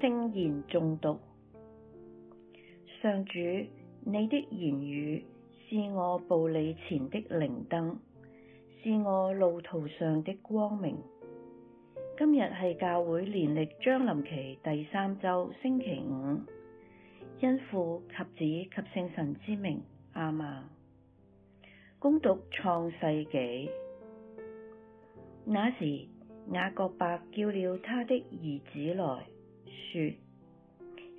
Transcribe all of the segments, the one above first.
聖言誦讀。上主，你的言語是我步履前的靈燈，是我路途上的光明。今日係教會年曆將臨期第三周星期五，因父及子及聖神之名，阿們。恭讀創世紀，那時雅各伯叫了他的兒子來。說，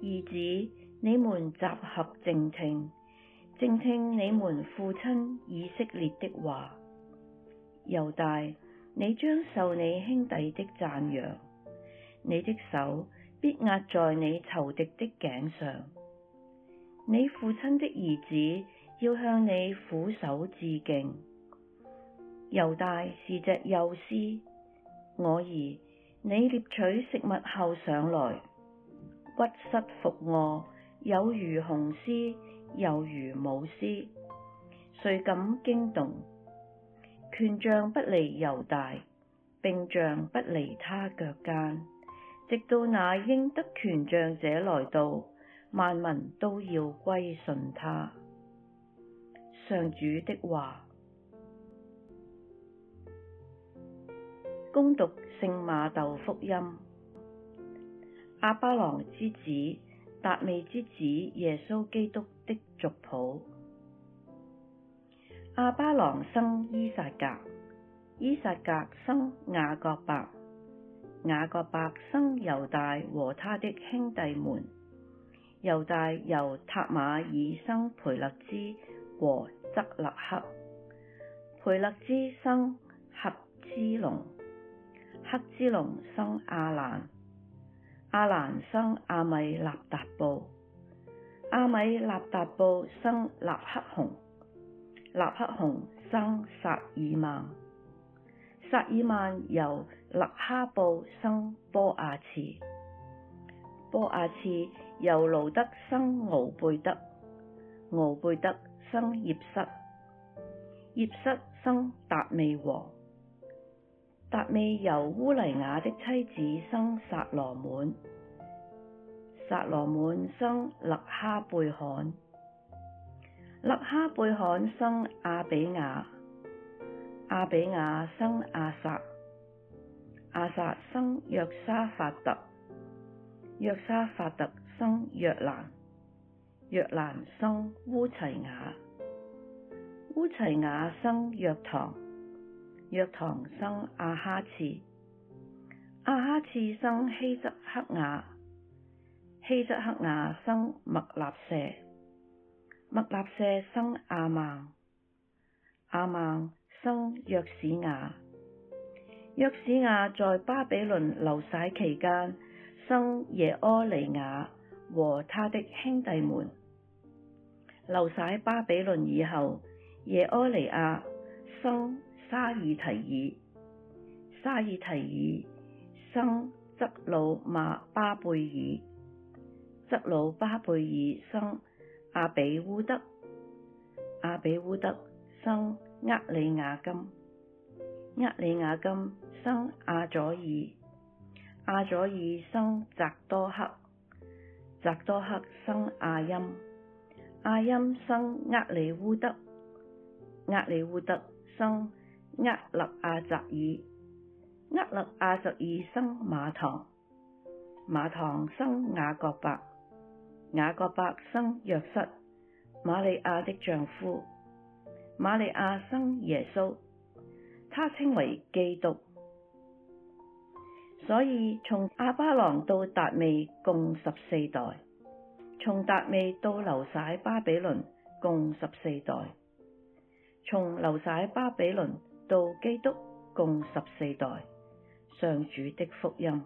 兒子，你們集合靜聽，靜聽你們父親以色列的話。猶大，你將受你兄弟的讚揚，你的手必壓在你仇敵的頸上。你父親的兒子要向你俯首致敬。猶大是隻幼獅，我兒，你獵取食物後上來。屈身伏臥，有如雄獅，又如母獅，誰敢驚動？權杖不離猶大，柄杖不離他腳間，直到那應得權杖者來到，萬民都要歸順他。上主的話。恭讀聖馬竇福音。亞巴郎之子，達味之子耶穌基督的族譜：亞巴郎生依撒格，依撒格生雅各伯，雅各伯生猶大和他的兄弟們。猶大由塔馬爾生培勒茲和則辣黑，培勒茲生赫茲龍，赫茲龍生阿蘭。阿蘭生阿米納達布，阿米納達布生納赫雄，納赫雄生撒耳孟，撒耳孟由辣哈布生波阿次，波阿次由盧德生敖貝得，敖貝得生葉瑟，葉瑟生達味王。達味由烏黎雅的妻子生撒羅滿，撒羅滿生勒哈貝罕，勒哈貝罕生阿彼雅，阿彼雅生阿撒，阿撒生約沙法特，約沙法特生約蘭，約蘭生烏齊雅，烏齊雅生約堂。約堂生阿哈次，阿哈次生希則克雅，希則克雅生默納舍，默納舍生阿孟，阿孟生約史雅，約史雅在巴比倫流徙期間生耶苛尼雅和他的兄弟們。流徙巴比倫以後，耶苛尼雅生沙耳提耳，沙耳提耳生則魯馬巴貝耳，則魯巴貝耳生阿彼烏得，阿彼烏得生厄里雅金，厄里雅金生阿左爾，阿左爾生匝多克，匝多克生阿歆，阿歆生厄里烏得，厄里烏得，厄里烏德生。厄肋阿匝爾、厄肋阿匝爾生瑪堂，瑪堂生雅各伯，雅各伯生若瑟，瑪利亞的丈夫。瑪利亞生耶穌，他稱為基督。所以從亞巴郎到達味共十四代，從達味到流徙巴比倫共十四代，從流徙巴比倫。到基督共十四代，上主的福音。